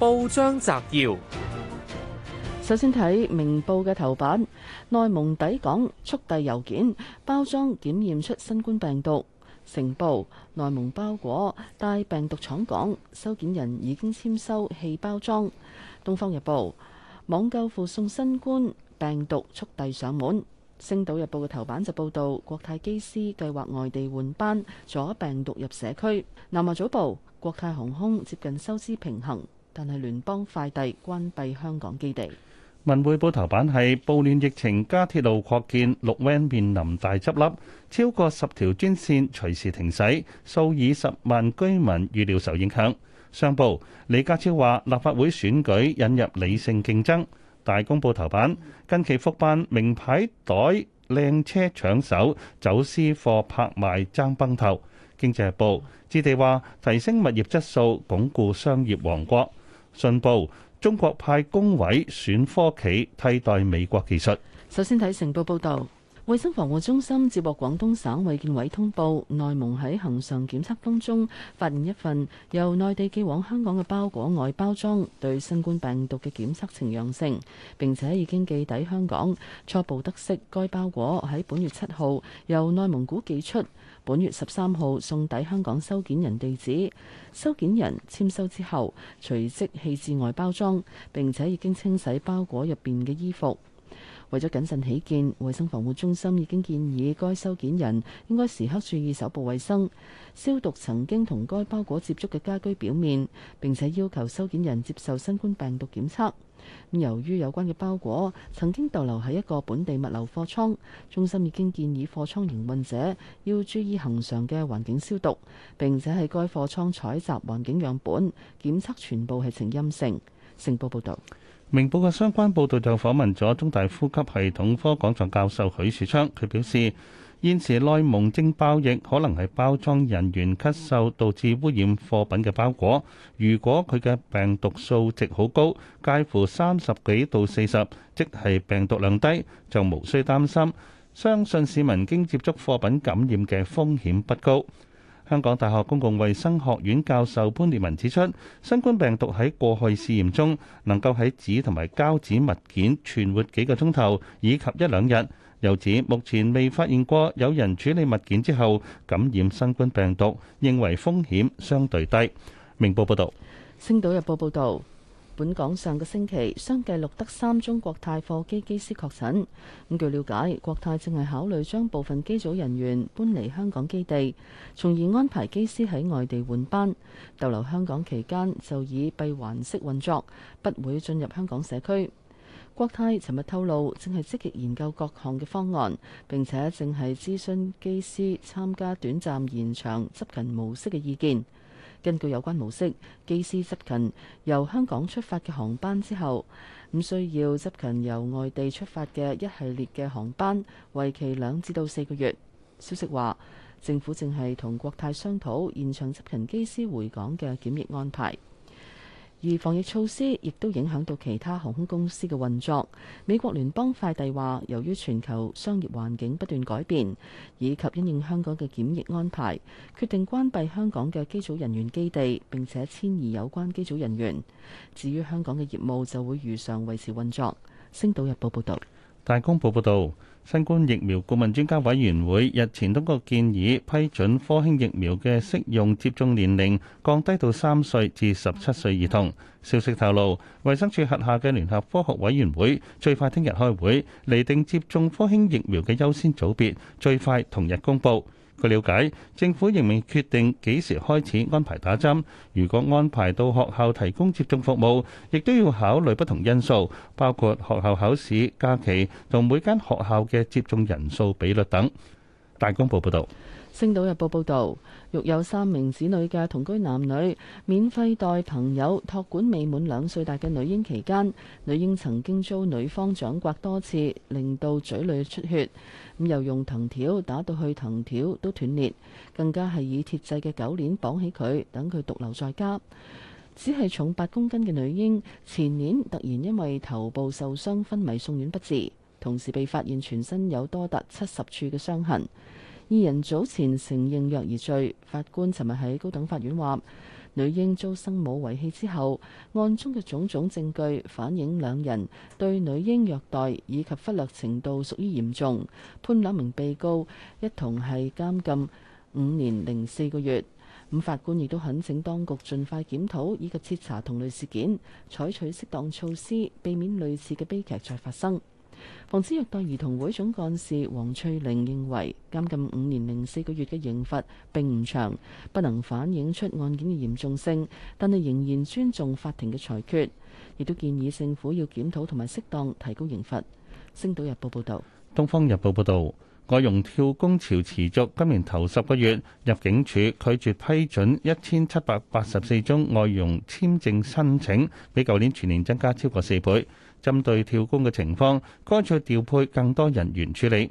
報章摘要：首先睇明報嘅頭版，內蒙抵港速遞郵件包裝檢驗出新冠病毒。成報內蒙包裹帶病毒，廠港收件人已經簽收棄包裝。東方日報網購附送新冠病毒速遞上門。星島日報嘅頭版就報道國泰機師計劃外地換班，阻病毒入社區。南華早報國泰航空接近收支平衡。但係聯邦快遞關閉香港基地。文匯報頭版係暴亂疫情加鐵路擴建，綠 Van 面臨大執笠，超過十條專線隨時停駛，數以十萬居民預料受影響。商報李家超話立法會選舉引入理性競爭。大公報頭版近期復辦名牌袋，靚車搶手，走私貨拍賣爭崩頭。經濟日報置地話提升物業質素，鞏固商業王國。信報：中國派工委選科企替代美國技術。首先睇成報報道。衛生防護中心接獲廣東省衛健委通報，內蒙喺恒常檢測當中發現一份由內地寄往香港嘅包裹外包裝對新冠病毒嘅檢測呈陽性，並且已經寄抵香港。初步得悉，該包裹喺本月七號由內蒙古寄出，本月十三號送抵香港收件人地址，收件人簽收之後，隨即棄置外包裝，並且已經清洗包裹入邊嘅衣服。為咗謹慎起見，衛生防護中心已經建議該收件人應該時刻注意手部衛生，消毒曾經同該包裹接觸嘅家居表面，並且要求收件人接受新冠病毒檢測。由於有關嘅包裹曾經逗留喺一個本地物流貨倉，中心已經建議貨倉營運者要注意恒常嘅環境消毒，並且喺該貨倉採集環境樣本檢測，全部係呈陰性。成報報道。明報嘅相關報導就訪問咗中大呼吸系統科講座教授許樹昌，佢表示現時內蒙正爆疫，可能係包裝人員咳嗽導致污染貨品嘅包裹。如果佢嘅病毒數值好高，介乎三十幾到四十，即係病毒量低，就無需擔心。相信市民經接觸貨品感染嘅風險不高。香港大學公共衛生學院教授潘烈文指出，新冠病毒喺過去試驗中能夠喺紙同埋膠紙物件存活幾個鐘頭以及一兩日。又指目前未發現過有人處理物件之後感染新冠病毒，認為風險相對低。明報報道。星島日報報導。本港上個星期相繼錄得三宗國泰貨機機師確診。咁據了解，國泰正係考慮將部分機組人員搬離香港基地，從而安排機師喺外地換班。逗留香港期間就以閉環式運作，不會進入香港社區。國泰尋日透露，正係積極研究各項嘅方案，並且正係諮詢機師參加短暫延長執勤模式嘅意見。根據有關模式，機師執勤由香港出發嘅航班之後，唔需要執勤由外地出發嘅一系列嘅航班，為期兩至到四個月。消息話，政府正係同國泰商討現場執勤機師回港嘅檢疫安排。而防疫措施亦都影響到其他航空公司嘅運作。美國聯邦快遞話，由於全球商業環境不斷改變，以及因應香港嘅檢疫安排，決定關閉香港嘅機組人員基地，並且遷移有關機組人員，至於香港嘅業務就會如常維持運作。星島日報報道，大公報報道。新冠疫苗顧問專家委員會日前通過建議，批准科興疫苗嘅適用接種年齡降低到三歲至十七歲兒童。消息透露，衛生署轄下嘅聯合科學委員會最快聽日開會，釐定接種科興疫苗嘅優先組別，最快同日公布。據了解，政府仍未決定幾時開始安排打針。如果安排到學校提供接種服務，亦都要考慮不同因素，包括學校考試、假期同每間學校嘅接種人數比率等。大公報報道。星島日報報導，育有三名子女嘅同居男女，免費代朋友託管未滿兩歲大嘅女嬰期間，女嬰曾經遭女方掌摑多次，令到嘴裏出血，咁又用藤條打到去藤條都斷裂，更加係以鐵製嘅狗鏈綁起佢，等佢獨留在家。只係重八公斤嘅女嬰，前年突然因為頭部受傷昏迷送院不治，同時被發現全身有多達七十處嘅傷痕。二人早前承認虐兒罪，法官尋日喺高等法院話：女嬰遭生母遺棄之後，案中嘅種種證據反映兩人對女嬰虐待以及忽略程度屬於嚴重，判兩名被告一同係監禁五年零四個月。咁法官亦都懇請當局盡快檢討以及徹查同類事件，採取適當措施，避免類似嘅悲劇再發生。防止虐待兒童會總幹事黃翠玲認為，監禁五年零四個月嘅刑罰並唔長，不能反映出案件嘅嚴重性，但係仍然尊重法庭嘅裁決，亦都建議政府要檢討同埋適當提高刑罰。《星島日報》報道。《東方日報》報道，外傭跳工潮持續，今年頭十個月，入境處拒絕批准一千七百八十四宗外傭簽證申請，比舊年全年增加超過四倍。針對跳工嘅情況，該再調配更多人員處理。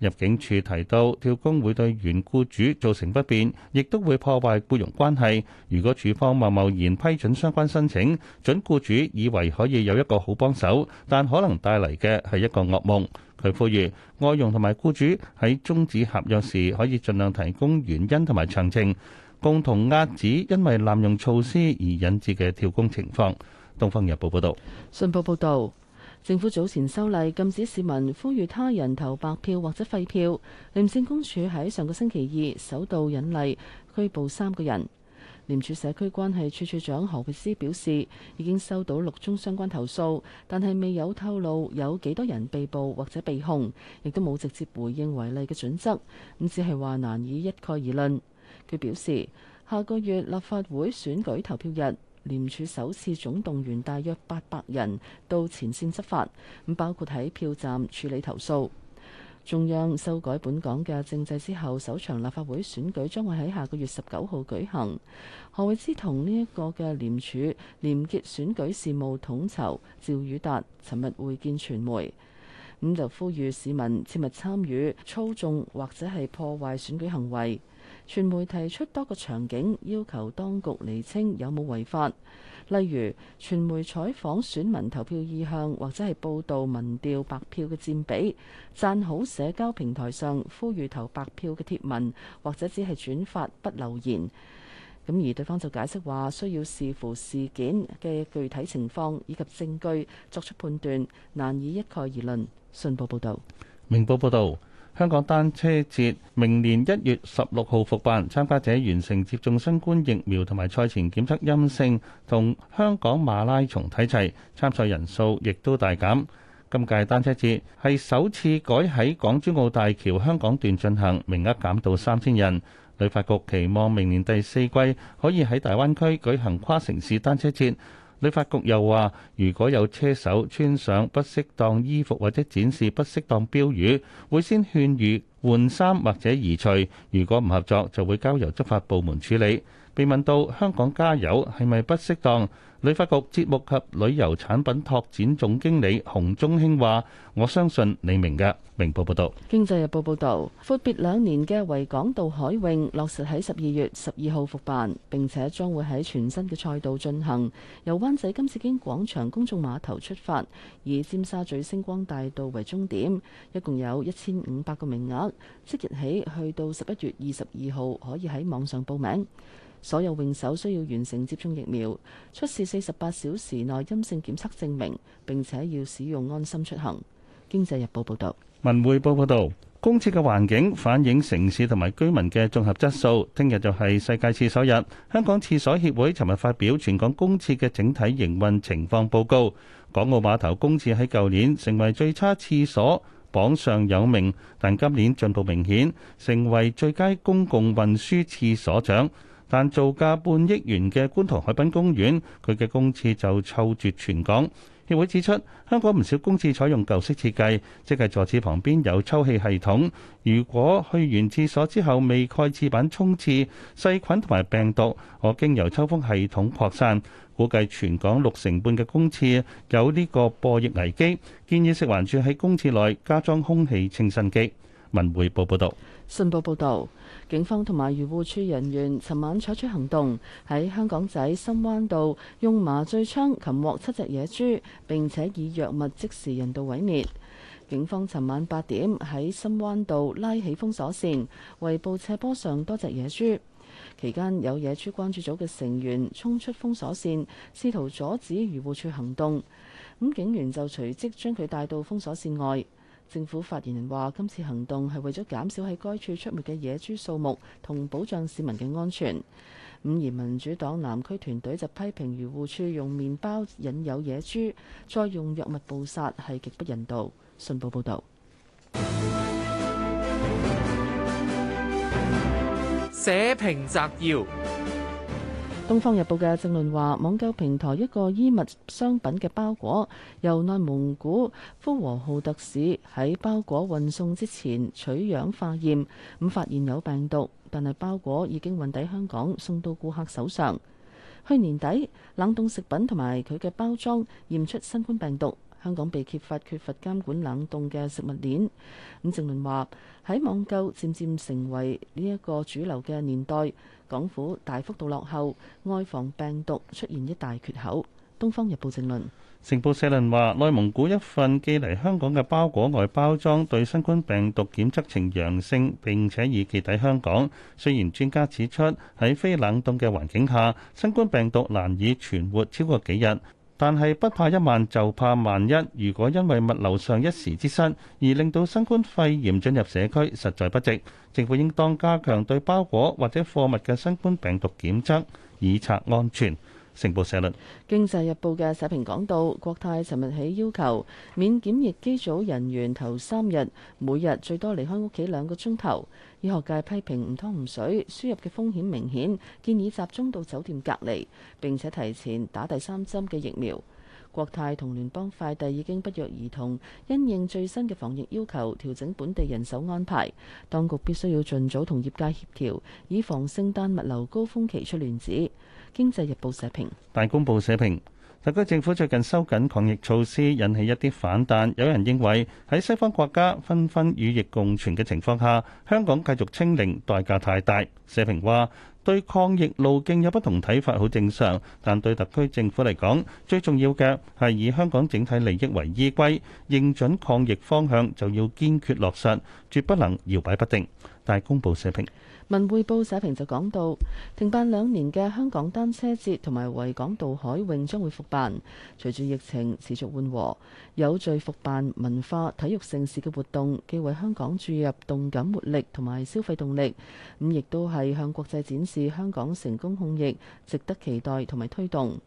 入境處提到，跳工會對原雇主造成不便，亦都會破壞僱傭關係。如果處方貿貿然批准相關申請，準雇主以為可以有一個好幫手，但可能帶嚟嘅係一個噩夢。佢呼籲外傭同埋僱主喺終止合約時，可以盡量提供原因同埋詳情，共同遏止因為濫用措施而引致嘅跳工情況。《東方日報》報導，《信報》報導，政府早前修例禁止市民呼籲他人投白票或者廢票。廉政公署喺上個星期二首度引例拘捕三個人。廉署社區關係處處長何佩斯表示，已經收到六宗相關投訴，但係未有透露有幾多人被捕或者被控，亦都冇直接回應違例嘅準則。咁只係話難以一概而論。佢表示，下個月立法會選舉投票日。廉署首次總動員大約八百人到前線執法，咁包括喺票站處理投訴。中央修改本港嘅政制之後，首場立法會選舉將會喺下個月十九號舉行。何惠芝同呢一個嘅廉署廉潔選舉事務統籌趙宇達尋日會見傳媒，咁就呼籲市民切勿參與操縱或者係破壞選舉行為。傳媒提出多個場景，要求當局釐清有冇違法，例如傳媒採訪選民投票意向，或者係報導民調白票嘅佔比，讚好社交平台上呼籲投白票嘅貼文，或者只係轉發不留言。咁而對方就解釋話，需要視乎事件嘅具體情況以及證據作出判斷，難以一概而論。信報報導，明報報導。香港單車節明年一月十六號復辦，參加者完成接種新冠疫苗同埋賽前檢測陰性，同香港馬拉松體制參賽人數亦都大減。今屆單車節係首次改喺港珠澳大橋香港段進行，名額減到三千人。旅發局期望明年第四季可以喺大灣區舉行跨城市單車節。水法局又話：如果有車手穿上不適當衣服或者展示不適當標語，會先勸喻換衫或者移除。如果唔合作，就會交由執法部門處理。被問到香港加油係咪不適當？旅發局節目及旅遊產品拓展總經理洪忠興話：我相信你明嘅。明報報導，《經濟日報》報導，闊別兩年嘅維港渡海泳，落實喺十二月十二號復辦，並且將會喺全新嘅賽道進行，由灣仔金紫荊廣場公眾碼頭出發，以尖沙咀星光大道為終點，一共有一千五百個名額。即日起去到十一月二十二號可以喺網上報名。所有泳手需要完成接種疫苗，出示四十八小時內陰性檢測證明，並且要使用安心出行。經濟日報報道，文匯報報道公廁嘅環境反映城市同埋居民嘅綜合質素。聽日就係世界廁所日，香港廁所協會尋日發表全港公廁嘅整體營運情況報告。港澳碼頭公廁喺舊年成為最差廁所榜上有名，但今年進步明顯成為最佳公共運輸廁所獎。但造價半億元嘅觀塘海濱公園，佢嘅公廁就臭絕全港。協會指出，香港唔少公廁採用舊式設計，即係坐廁旁邊有抽氣系統。如果去完廁所之後未蓋廁板沖廁，細菌同埋病毒可經由抽風系統擴散。估計全港六成半嘅公廁有呢個播疫危機，建議食環署喺公廁內加裝空氣清新機。文匯報報道，信報報道，警方同埋漁護處人員尋晚採取行動，喺香港仔深灣道用麻醉槍擒獲七隻野豬，並且以藥物即時人道毀滅。警方尋晚八點喺深灣道拉起封鎖線，圍捕斜坡上多隻野豬。期間有野豬關注組嘅成員衝出封鎖線，試圖阻止漁護處行動，咁警員就隨即將佢帶到封鎖線外。政府發言人話：今次行動係為咗減少喺該處出沒嘅野豬數目，同保障市民嘅安全。咁而民主黨南區團隊就批評漁護處用麵包引誘野豬，再用藥物捕殺係極不人道。信報報道。社評摘要。《東方日報》嘅正論話，網購平台一個衣物商品嘅包裹，由內蒙古呼和浩特市喺包裹運送之前取樣化驗，咁發現有病毒，但係包裹已經運抵香港，送到顧客手上。去年底，冷凍食品同埋佢嘅包裝驗出新冠病毒。香港被揭發缺乏監管冷凍嘅食物鏈。咁正論話喺網購漸漸成為呢一個主流嘅年代，港府大幅度落後，外防病毒出現一大缺口。《東方日報》正論。成報社論話，內蒙古一份寄嚟香港嘅包裹外包裝對新冠病毒檢測呈陽性，並且已寄抵香港。雖然專家指出喺非冷凍嘅環境下，新冠病毒難以存活超過幾日。但係不怕一萬就怕萬一，如果因為物流上一時之失而令到新冠肺炎進入社區，實在不值。政府應當加強對包裹或者貨物嘅新冠病毒檢測，以策安全。成報社論。《經濟日報》嘅社評講到，國泰尋日起要求免檢疫機組人員頭三日每日最多離開屋企兩個鐘頭。醫學界批評唔湯唔水，輸入嘅風險明顯，建議集中到酒店隔離，並且提前打第三針嘅疫苗。國泰同聯邦快遞已經不約而同，因應最新嘅防疫要求，調整本地人手安排。當局必須要儘早同業界協調，以防聖誕物流高峰期出亂子。經濟日報社評，大公報社評。特區政府最近收緊抗疫措施，引起一啲反彈。有人認為喺西方國家紛紛與疫共存嘅情況下，香港繼續清零代價太大。社評話對抗疫路徑有不同睇法好正常，但對特區政府嚟講，最重要嘅係以香港整體利益為依歸，認準抗疫方向就要堅決落實，絕不能搖擺不定。大公報社評。文匯報社評就講到，停辦兩年嘅香港單車節同埋維港渡海泳將會復辦。隨住疫情持續緩和，有序復辦文化體育盛事嘅活動，既為香港注入動感活力同埋消費動力，咁亦都係向國際展示香港成功控疫，值得期待同埋推動。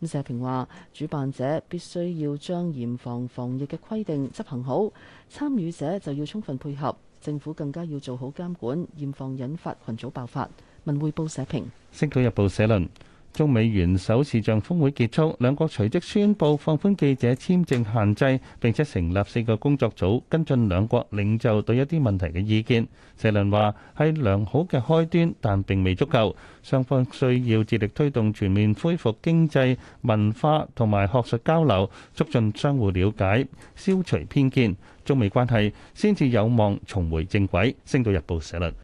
咁社評話，主辦者必須要將嚴防防疫嘅規定執行好，參與者就要充分配合。政府更加要做好監管，嚴防引發群組爆發。文匯報社評。星島日報社論，中美元首視像峰會結束，兩國隨即宣布放寬記者簽證限制，並且成立四個工作組跟進兩國領袖對一啲問題嘅意見。社論話，係良好嘅開端，但並未足夠，雙方需要致力推動全面恢復經濟文化同埋學術交流，促進相互了解，消除偏見。中美關係先至有望重回正軌。星島日報社論。